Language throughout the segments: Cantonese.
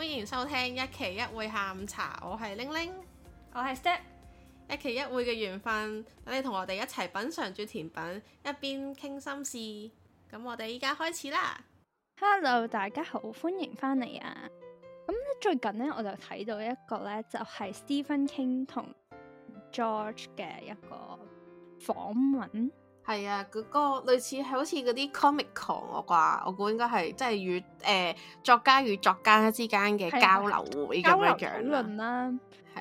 歡迎收聽一期一會下午茶，我係玲玲，我係是 Step，一期一會嘅緣分，等你同我哋一齊品嘗住甜品，一邊傾心事。咁我哋依家開始啦。Hello，大家好，歡迎翻嚟啊。咁最近呢，我就睇到一個呢，就係 Stephen King 同 George 嘅一個訪問。係啊，嗰、那個類似係好似嗰啲 comic con 我啩，我估應該係即係與誒作家與作家之間嘅交流會樣、啊、交流討論啦。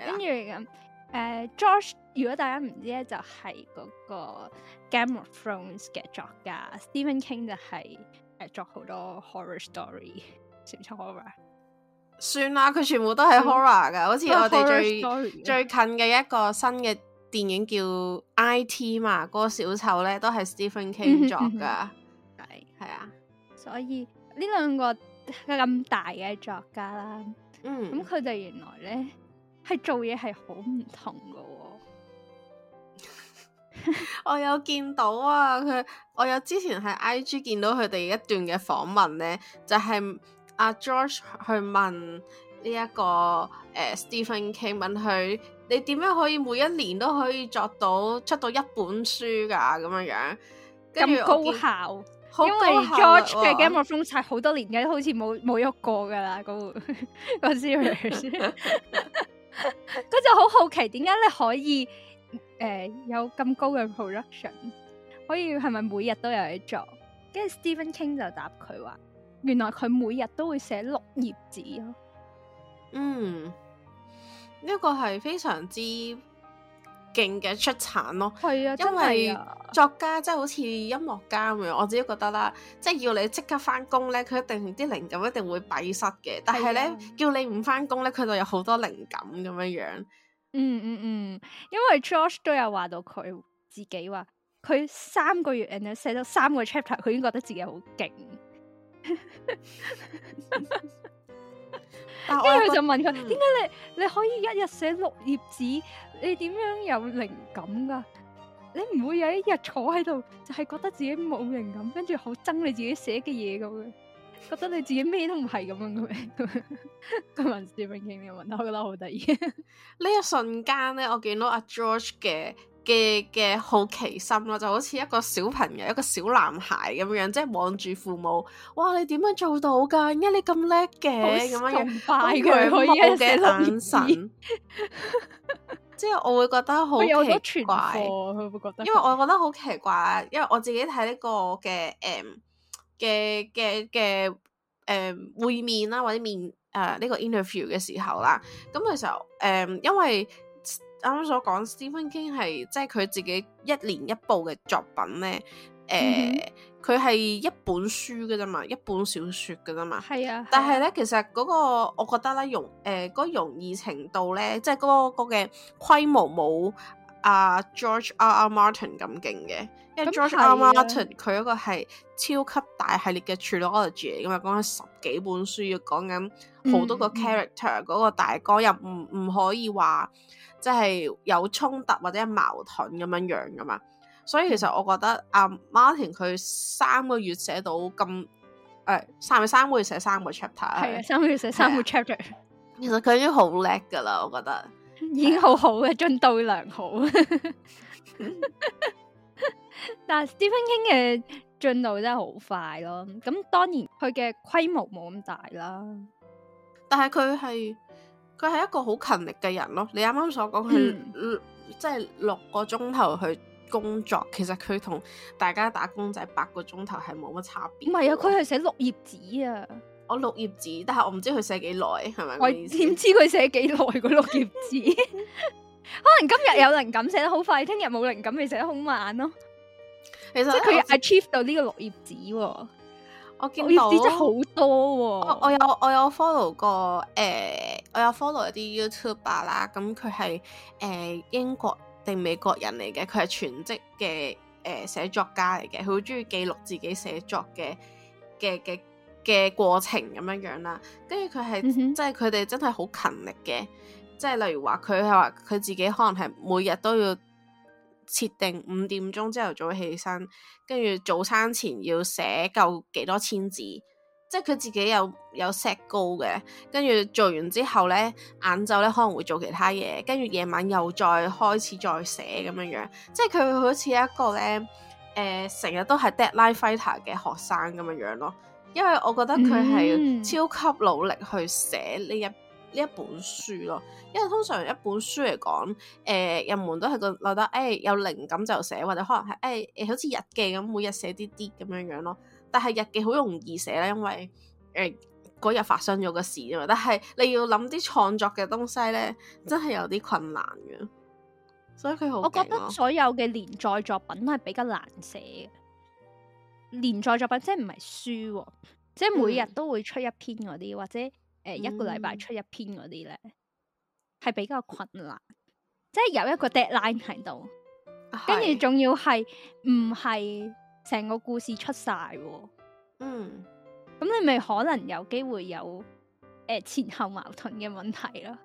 跟住咁，誒，George，、呃、如果大家唔知咧，就係、是、嗰個 Game of Thrones 嘅作家 Stephen King 就係、是、誒、呃、作好多 horror story，識唔識 horror？算啦，佢全部都係 horror 噶，嗯、好似像 我哋最 story 最近嘅一個新嘅。電影叫《IT》嘛，嗰、那個小丑咧都係 Stephen King 作㗎，係係 對啊，所以呢兩個咁大嘅作家啦，嗯，咁佢哋原來咧係做嘢係好唔同㗎喎、哦， 我有見到啊，佢我有之前喺 IG 見到佢哋一段嘅訪問咧，就係、是、阿、啊、George 去問呢、這、一個誒、呃、Stephen King 問佢。你點樣可以每一年都可以作到出到一本書噶咁樣樣？咁高效，見因為高 George 嘅《Game of Thrones》係好多年嘅，都好似冇冇喐過噶啦，嗰個、嗰個 series。佢就好好奇，點解你可以誒、呃、有咁高嘅 production？可以係咪每日都有嘢做？」跟住 Stephen King 就答佢話：原來佢每日都會寫六頁紙咯、哦。嗯。呢一個係非常之勁嘅出產咯，係啊，因為作家即係好似音樂家咁樣，我自己覺得啦，即、就、係、是、要你即刻翻工咧，佢一定啲靈感一定會閉塞嘅，但係咧、啊、叫你唔翻工咧，佢就有好多靈感咁樣樣、嗯。嗯嗯嗯，因為 George 都有話到佢自己話，佢三個月，而且寫咗三個 chapter，佢已經覺得自己好勁。 跟住佢就問佢：點解 你你可以一日寫六頁紙？你點樣有靈感㗎？你唔會有一日坐喺度，就係覺得自己冇靈感，跟住好憎你自己寫嘅嘢咁嘅，覺得你自己咩都唔係咁樣嘅。今日永頻鏡又問到，我覺得好得意。呢一瞬間咧，我見到阿 George 嘅。嘅嘅好奇心咯，就好似一個小朋友，一個小男孩咁樣，即係望住父母，哇！你點樣做到噶？點解你咁叻嘅，咁像樣崇拜佢，好嘅、嗯、託眼神， 即係我會覺得好奇怪，佢會覺得，因為我覺得好奇怪，因為我自己睇呢個嘅誒嘅嘅嘅誒會面啦，或者面誒呢、呃這個 interview 嘅時候啦，咁嘅時候誒，因為。因為啱啱所講 Stephen King 係即係佢自己一年一部嘅作品咧，誒、呃，佢係、嗯、哼一本書嘅啫嘛，一本小説嘅啫嘛，係啊。但係咧，啊、其實嗰個我覺得咧容誒嗰、呃嗰個、容易程度咧，即係嗰、嗰個嘅、嗰個、規模冇。阿、uh, George R R Martin 咁勁嘅，因為 George R R Martin 佢嗰、嗯、個係超級大系列嘅 trilogy 嚟嘅，講緊十幾本書，要講緊好多個 character，嗰、嗯、個大綱又唔唔可以話即係有衝突或者矛盾咁樣樣噶嘛，所以其實我覺得阿、嗯啊、Martin 佢三個月寫到咁誒，係、哎、咪三個月寫三個 chapter？係啊，三個月寫三個 chapter。啊、其實佢已經好叻噶啦，我覺得。已經好好嘅進度良好， 但係 Stephen King 嘅進度真係好快咯。咁當然，佢嘅規模冇咁大啦，但係佢係佢係一個好勤力嘅人咯。你啱啱所講佢、嗯、即係六個鐘頭去工作，其實佢同大家打工仔八個鐘頭係冇乜差別。唔係啊，佢係寫六頁紙啊。我六頁紙，但係我唔知佢寫幾耐，係咪咁嘅意思？我點知佢寫幾耐？嗰 六頁紙， 可能今日有靈感寫得好快，聽日冇靈感咪寫得好慢咯，啊。其實即係佢 achieve 到呢個六頁紙，啊。我見到六頁紙真係好多，啊我。我我有我有 follow 過誒，我有 follow、呃、fo 一啲 YouTuber 啦。咁佢係誒英國定美國人嚟嘅，佢係全職嘅誒寫作家嚟嘅，佢好中意記錄自己寫作嘅嘅嘅嘅過程咁樣樣啦，跟住佢係即係佢哋真係好勤力嘅，即係例如話佢係話佢自己可能係每日都要設定五點鐘朝頭早起身，跟住早餐前要寫夠幾多千字，即係佢自己有有 set goal 嘅，跟住做完之後呢，晏晝咧可能會做其他嘢，跟住夜晚又再開始再寫咁樣樣，即係佢好似一個呢，誒成日都係 deadline fighter 嘅學生咁樣樣咯。因為我覺得佢係超級努力去寫呢一呢、嗯、一本書咯，因為通常一本書嚟講，誒、呃，人們都係個覺得誒、哎、有靈感就寫，或者可能係誒誒好似日記咁，每日寫啲啲咁樣樣咯。但係日記好容易寫咧，因為誒嗰日發生咗個事啊嘛。但係你要諗啲創作嘅東西咧，真係有啲困難嘅。所以佢好我覺得所有嘅連載作品都係比較難寫嘅。連載作品即係唔係書，即係、啊、每日都會出一篇嗰啲，嗯、或者誒、呃、一個禮拜出一篇嗰啲咧，係、嗯、比較困難，即係有一個 deadline 喺度，跟住仲要係唔係成個故事出晒、啊，嗯，咁你咪可能有機會有誒、呃、前後矛盾嘅問題咯，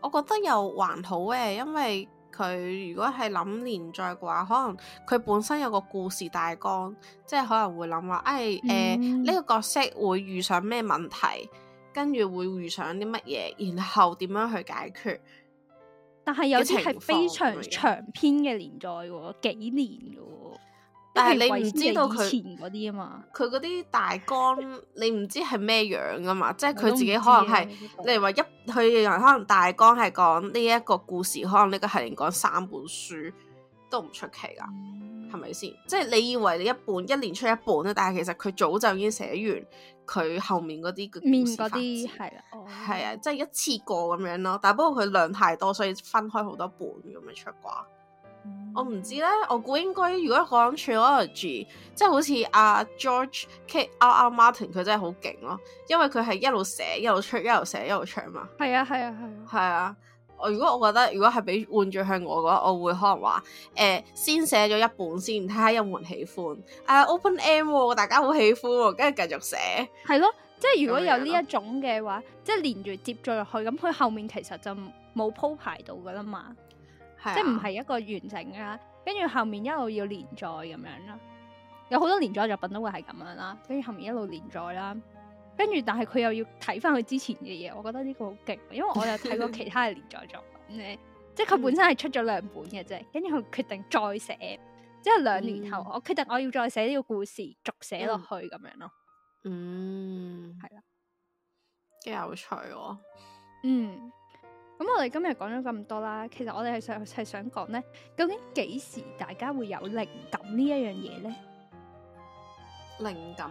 我覺得又還好誒，因為。佢如果係諗連載嘅話，可能佢本身有個故事大綱，即係可能會諗話，誒誒呢個角色會遇上咩問題，跟住會遇上啲乜嘢，然後點樣去解決？但係有啲係非常長篇嘅連載，幾年嘅。但係你唔知道佢前嗰啲啊嘛，佢嗰啲大綱你唔知係咩樣啊嘛，即係佢自己可能係，啊、你例如話一佢可能大綱係講呢一個故事，可能呢個係連講三本書都唔出奇噶，係咪先？即係、就是、你以為你一本一年出一本咧，但係其實佢早就已經寫完佢後面嗰啲故事。面嗰啲係啦，係啊，即、哦、係、就是、一次過咁樣咯。但係不過佢量太多，所以分開好多本咁樣出啩。嗯、我唔知咧，我估應該，如果講 chronology 即係好似阿、啊、George K. R. R. Martin，佢真係好勁咯，因為佢係一路寫一路出，一路寫一路唱嘛。係啊係啊係啊係啊！我、啊啊啊、如果我覺得如果係俾換着向我嘅話，我會可能話誒、呃，先寫咗一本先，睇下有冇人喜歡。誒、啊、，Open M，、哦、大家好喜歡、哦，跟住繼續寫。係咯、啊，即係如果有呢一種嘅話，啊、即係連住接咗入去，咁佢後面其實就冇鋪排到噶啦嘛。啊、即係唔係一個完整嘅，跟住後面一路要連載咁樣啦，有好多連載作品都會係咁樣啦，跟住後面一路連載啦，跟住但係佢又要睇翻佢之前嘅嘢，我覺得呢個好勁，因為我又睇過其他嘅 連載作品咧，即係佢本身係出咗兩本嘅啫，跟住佢決定再寫，即係兩年後、嗯、我決定我要再寫呢個故事續寫落去咁樣咯、嗯，嗯，係啦了，幾有趣喎、哦，嗯。咁我哋今日講咗咁多啦，其實我哋係想係想講咧，究竟幾時大家會有靈感呢一樣嘢咧？靈感，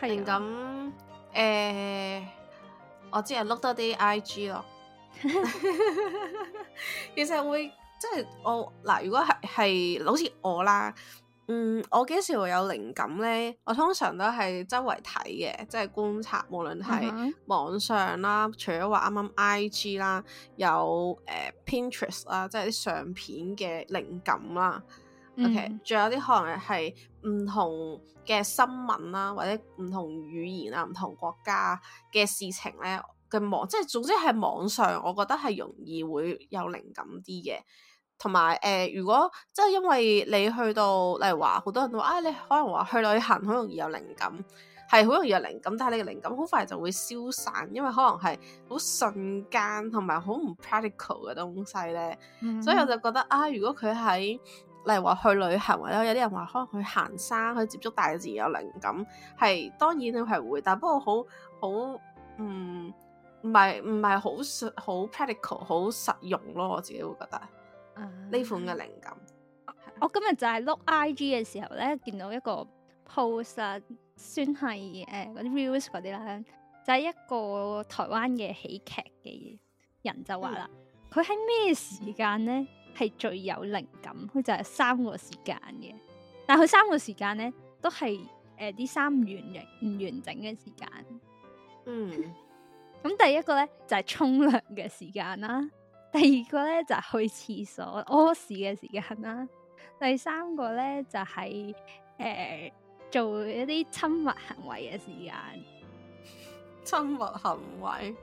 靈感、啊，誒、呃，我即係碌多啲 I G 咯。 其實會即係我嗱，如果係係好似我啦。嗯，我幾時會有靈感呢？我通常都係周圍睇嘅，即係觀察，無論係網上啦，除咗話啱啱 IG 啦，有誒、呃、Pinterest 啦，即係啲相片嘅靈感啦。OK，仲有啲可能係唔同嘅新聞啦，或者唔同語言啊、唔同國家嘅事情呢。嘅網，即係總之係網上，我覺得係容易會有靈感啲嘅。同埋誒，如果即係因為你去到，例如話好多人都話，啊，你可能話去旅行好容易有靈感，係好容易有靈感，但係你嘅靈感好快就會消散，因為可能係好瞬間同埋好唔 practical 嘅東西咧。嗯、所以我就覺得啊，如果佢喺例如話去旅行或者有啲人話可能去行山去接觸大自然有靈感，係當然係會，但係不過好好唔唔係唔係好好 practical 好實用咯，我自己會覺得。呢款嘅靈感， 我今日就係 look I G 嘅時候咧，見到一個 post、啊、算係誒嗰啲 reels 嗰啲啦，就係、是、一個台灣嘅喜劇嘅人就話啦，佢喺咩時間咧係最有靈感，佢就係三個時間嘅，但係佢三個時間咧都係誒啲三完形、唔完整嘅時間，嗯，咁 第一個咧就係、是、沖涼嘅時間啦。第二個咧就係、去廁所屙屎嘅時間啦，第三個咧就係、是、誒、呃、做一啲親密行為嘅時間。親密行為，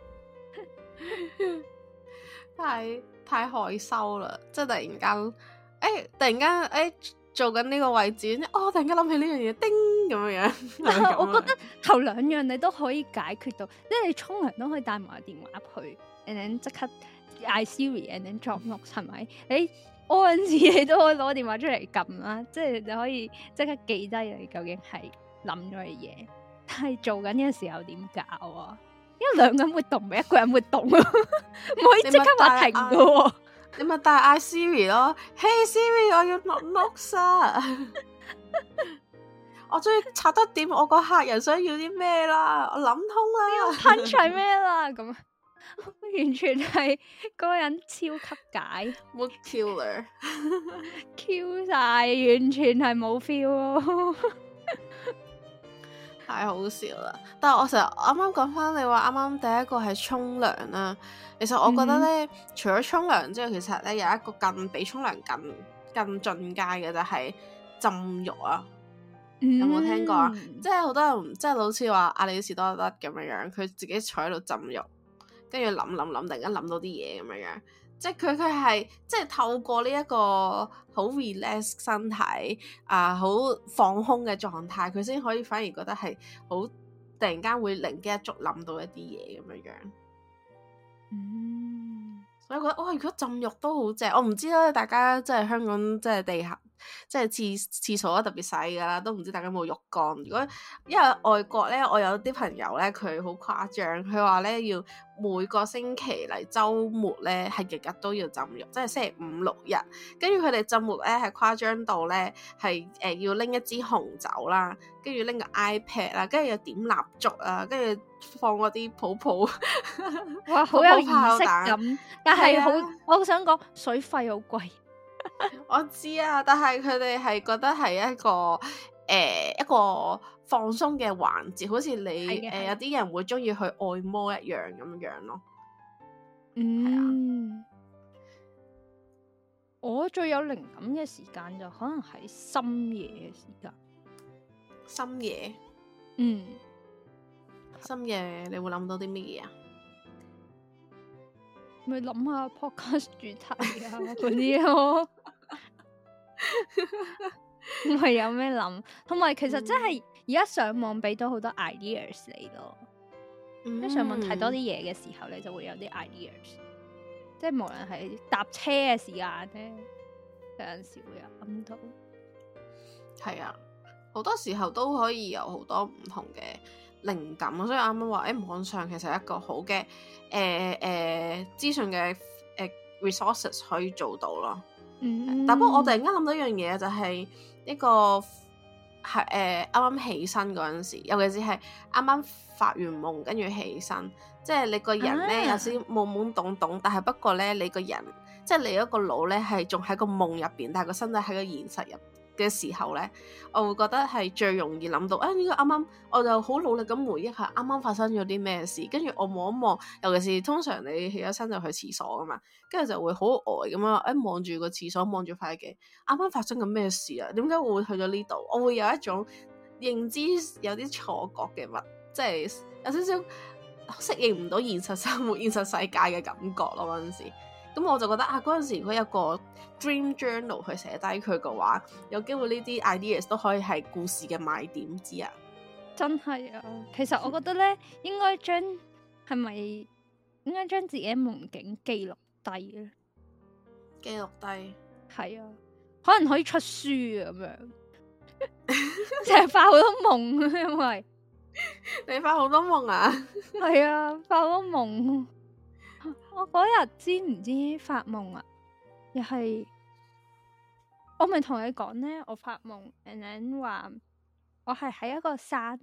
太太害羞啦！即係突然間，誒、欸、突然間，誒、欸、做緊呢個位置，哦，突然間諗起呢樣嘢，叮咁樣 是是樣。但係 我覺得頭兩樣你都可以解決到，即係你沖涼都可以帶埋電話去，然後即刻。嗌 Siri，and 然後作 note 係咪？誒、屙、欸、有次你都可以攞電話出嚟撳啦，即係你可以即刻記低你究竟係諗咗嘅嘢，但係做緊呢個時候點搞啊？因為兩個人活動，咪一個人活動、 啊啊、咯，唔可以即刻話停噶。你咪帶嗌 Siri 咯，Hey Siri，我要 note note 啊！ 我終於查得點我個客人想要啲咩啦，我諗通、哎、我啦，呢要噴齊咩啦咁。完全係嗰個人超級解，kill 晒，完全係冇 feel，太好笑啦！但係我成日啱啱講翻你話，啱啱第一個係沖涼啦。其實我覺得咧，嗯、除咗沖涼之外，其實咧有一個比更比沖涼更更進階嘅就係浸浴啊！嗯、有冇聽過啊？即係好多人即係老師話阿里士多德咁樣樣，佢自己坐喺度浸浴。跟住諗諗諗，突然間諗到啲嘢咁樣樣，即係佢佢係即係透過呢一個好 relax 身體啊，好、呃、放空嘅狀態，佢先可以反而覺得係好突然間會靈機一觸諗到一啲嘢咁樣樣。嗯，所以我覺得哇、哦，如果浸浴都好正，我唔知啦，大家即係香港即係地下。即係廁廁所都特別細噶啦，都唔知大家有冇浴缸。如果因為外國咧，我有啲朋友咧，佢好誇張，佢話咧，要每個星期嚟周末咧，係日日都要浸浴，即係星期五六日。跟住佢哋浸浴咧，係誇張到咧係誒要拎一支紅酒啦，跟住拎個 iPad 啦，跟住又點蠟燭啊，跟住放嗰啲泡泡， 哇，好有儀式感。 但係好很，啊、我好想講水費好貴。 我知啊，但係佢哋係覺得係一個誒、呃、一個放鬆嘅環節，好似你誒有啲人會中意去按摩一樣咁樣咯。嗯、啊、我最有靈感嘅時間就可能喺深夜嘅時間。深夜，嗯，深夜你會諗到啲乜嘢啊？咪諗下 podcast 主題啲咯。唔係 有咩諗，同埋其實真係而家上網俾到好多 ideas 嚟咯。一、嗯、上網睇多啲嘢嘅時候你就會有啲 ideas。即、就、係、是、無論係搭車嘅時間咧，有陣時會有諗到。係啊、嗯，好、嗯、多時候都可以有好多唔同嘅靈感。所以啱啱話，誒、欸，網上其實係一個好嘅，誒、欸、誒，資、欸、訊嘅誒、欸、resources 可以做到咯。嗯、但不過我突然間諗到一樣嘢，就係、是、呢個係誒，啱啱、呃、起身嗰陣時，尤其是係啱啱發完夢跟住起身，即係你個人咧、啊、有少懵懵懂懂，但係不過咧你個人即係你個腦呢一個腦咧係仲喺個夢入邊，但係個身體喺個現實入，嘅時候咧，我會覺得係最容易諗到，誒，呢個啱啱我就好努力咁回憶下啱啱發生咗啲咩事，跟住我望一望，尤其是通常你起咗身就去廁所啊嘛，跟住就會好呆咁樣，誒，望住個廁所，望住塊鏡，啱啱發生緊咩事啊？點解我會去咗呢度？我會有一種認知有啲錯覺嘅物，即係有少少適應唔到現實生活、現實世界嘅感覺咯，嗰陣時。咁我就覺得啊，嗰陣時如果有個 dream journal 去寫低佢嘅話，有機會呢啲 ideas 都可以係故事嘅賣點之一啊！真係啊，其實我覺得咧，應該將係咪應該將自己嘅夢境記錄低咧？記錄低，係啊，可能可以出書啊咁樣。成日 發好多夢，因為 你發好多夢啊，係 啊，發好多夢。我嗰日知唔知發夢啊？又係我咪同你講咧，我發夢，and then 話我係喺一個山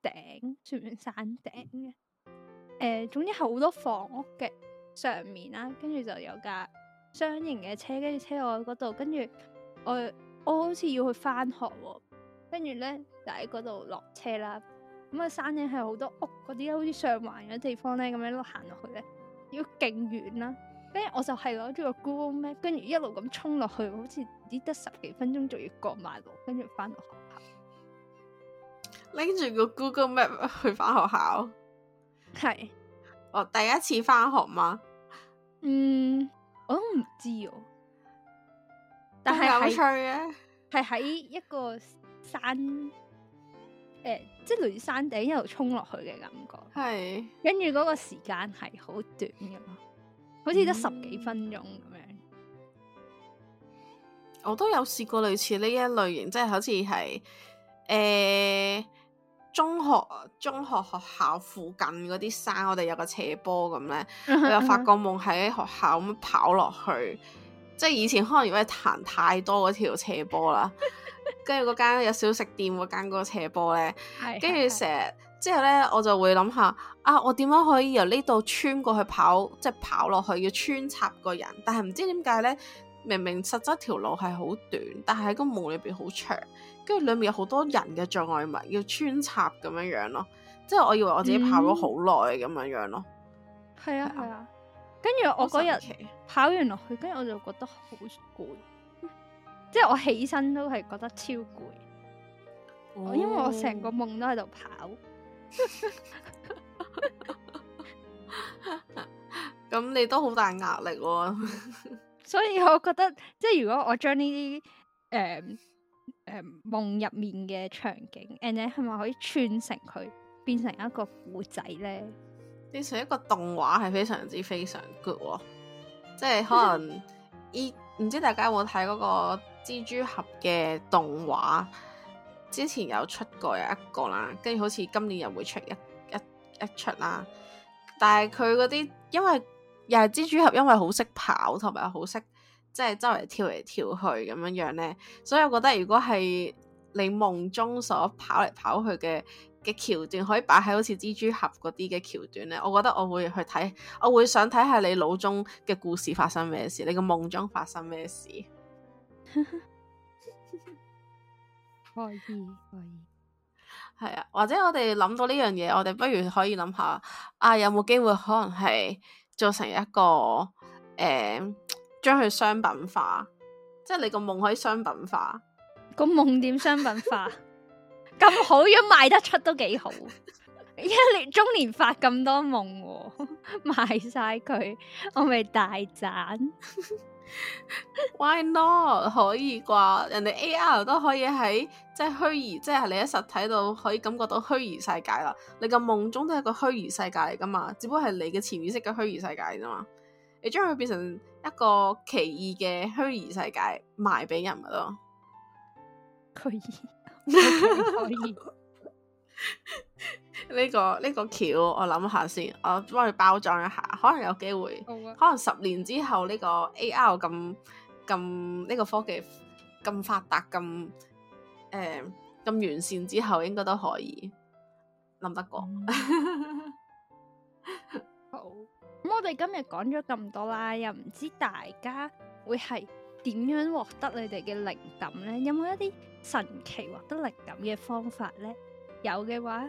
頂，算唔算山頂嘅？誒、呃，總之係好多房屋嘅上面啦、啊，跟住就有架雙型嘅車，跟住車我喺嗰度，跟住我我，我好似要去翻學、哦，跟住咧就喺嗰度落車啦。咁、嗯、啊，山頂係好多屋嗰啲，好似上環嘅地方咧，咁樣一路行落去咧。要勁遠啦，跟住我就係攞住個 Google Map，跟住一路咁衝落去，好似只得十幾分鐘就要過埋路，跟住翻到學校，拎住個 Google Map 去翻學校，係是，我、哦、第一次翻學嗎？嗯，我都唔知哦、啊，但係有趣嘅，係喺、啊、一個山。誒、欸，即係雷山頂一路衝落去嘅感覺，係跟住嗰個時間係、嗯、好短嘅，好似得十幾分鐘咁樣。我都有試過類似呢一類型，即係好似係誒中學中學學校附近嗰啲山，我哋有個斜坡咁咧， 我又發個夢喺學校咁跑落去， 即係以前可能因為彈太多嗰條斜坡啦。 跟住嗰間有小食店嗰間個斜坡咧，跟住成日是的 之後咧我就會諗下，啊，我點樣可以由呢度穿過去跑，即係跑落去要穿插個人，但係唔知點解咧，明明實質條路係好短，但係喺個夢裏邊好長，跟住裏面有好多人嘅障礙物要穿插咁樣樣咯，即係我以為我自己跑咗好耐咁樣樣咯，係啊係啊，跟住我嗰日跑完落去，跟住我就覺得好攰。即係我起身都係覺得超攰，哦、因為我成個夢都喺度跑。咁你都好大壓力、哦， 所以我覺得即係如果我將呢啲誒誒夢入面嘅場景，and 係咪可以串成佢，變成一個故仔咧？變成一個動畫係非常之非常 good，哦、即係可能咦，唔 知大家有冇睇嗰個？蜘蛛俠嘅動畫之前有出過有一個啦，跟住好似今年又會出一一一出啦。但係佢嗰啲，因為又係蜘蛛俠，因為好識跑，同埋好識即係周圍跳嚟跳去咁樣樣呢，所以我覺得，如果係你夢中所跑嚟跑去嘅嘅橋段，可以擺喺好似蜘蛛俠嗰啲嘅橋段呢，我覺得我會去睇，我會想睇下你腦中嘅故事發生咩事，你個夢中發生咩事。可 以，可以，係 啊，或者我哋諗到呢樣嘢，我哋不如可以諗下啊，有冇機會可能係做成一個誒、呃，將佢商品化，即係你個夢可以商品化。個夢點商品化咁好，如果賣得出都幾好。一 年中年發咁多夢，賣晒佢，我咪大賺。 Why not？可以啩？人哋 AR 都可以喺，即係虛擬，即係你喺實體度可以感覺到虛擬世界啦。你嘅夢中都係一個虛擬世界嚟噶嘛？只不過係你嘅潛意識嘅虛擬世界啫嘛。你將佢變成一個奇異嘅虛擬世界賣俾人咪咯？可以可以。呢、這個呢、這個橋，我諗下先，我幫佢包裝一下，可能有機會。啊、可能十年之後呢、這個 AR 咁，咁呢個科技咁發達咁，誒、咁完善之後，應該都可以諗得過。嗯、 好，咁，我哋今日講咗咁多啦，又唔知大家會係點樣獲得你哋嘅靈感呢？有冇一啲神奇獲得靈感嘅方法呢？有嘅話。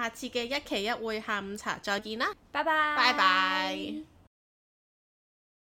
下次嘅一期一會下午茶再見啦，拜拜，拜拜。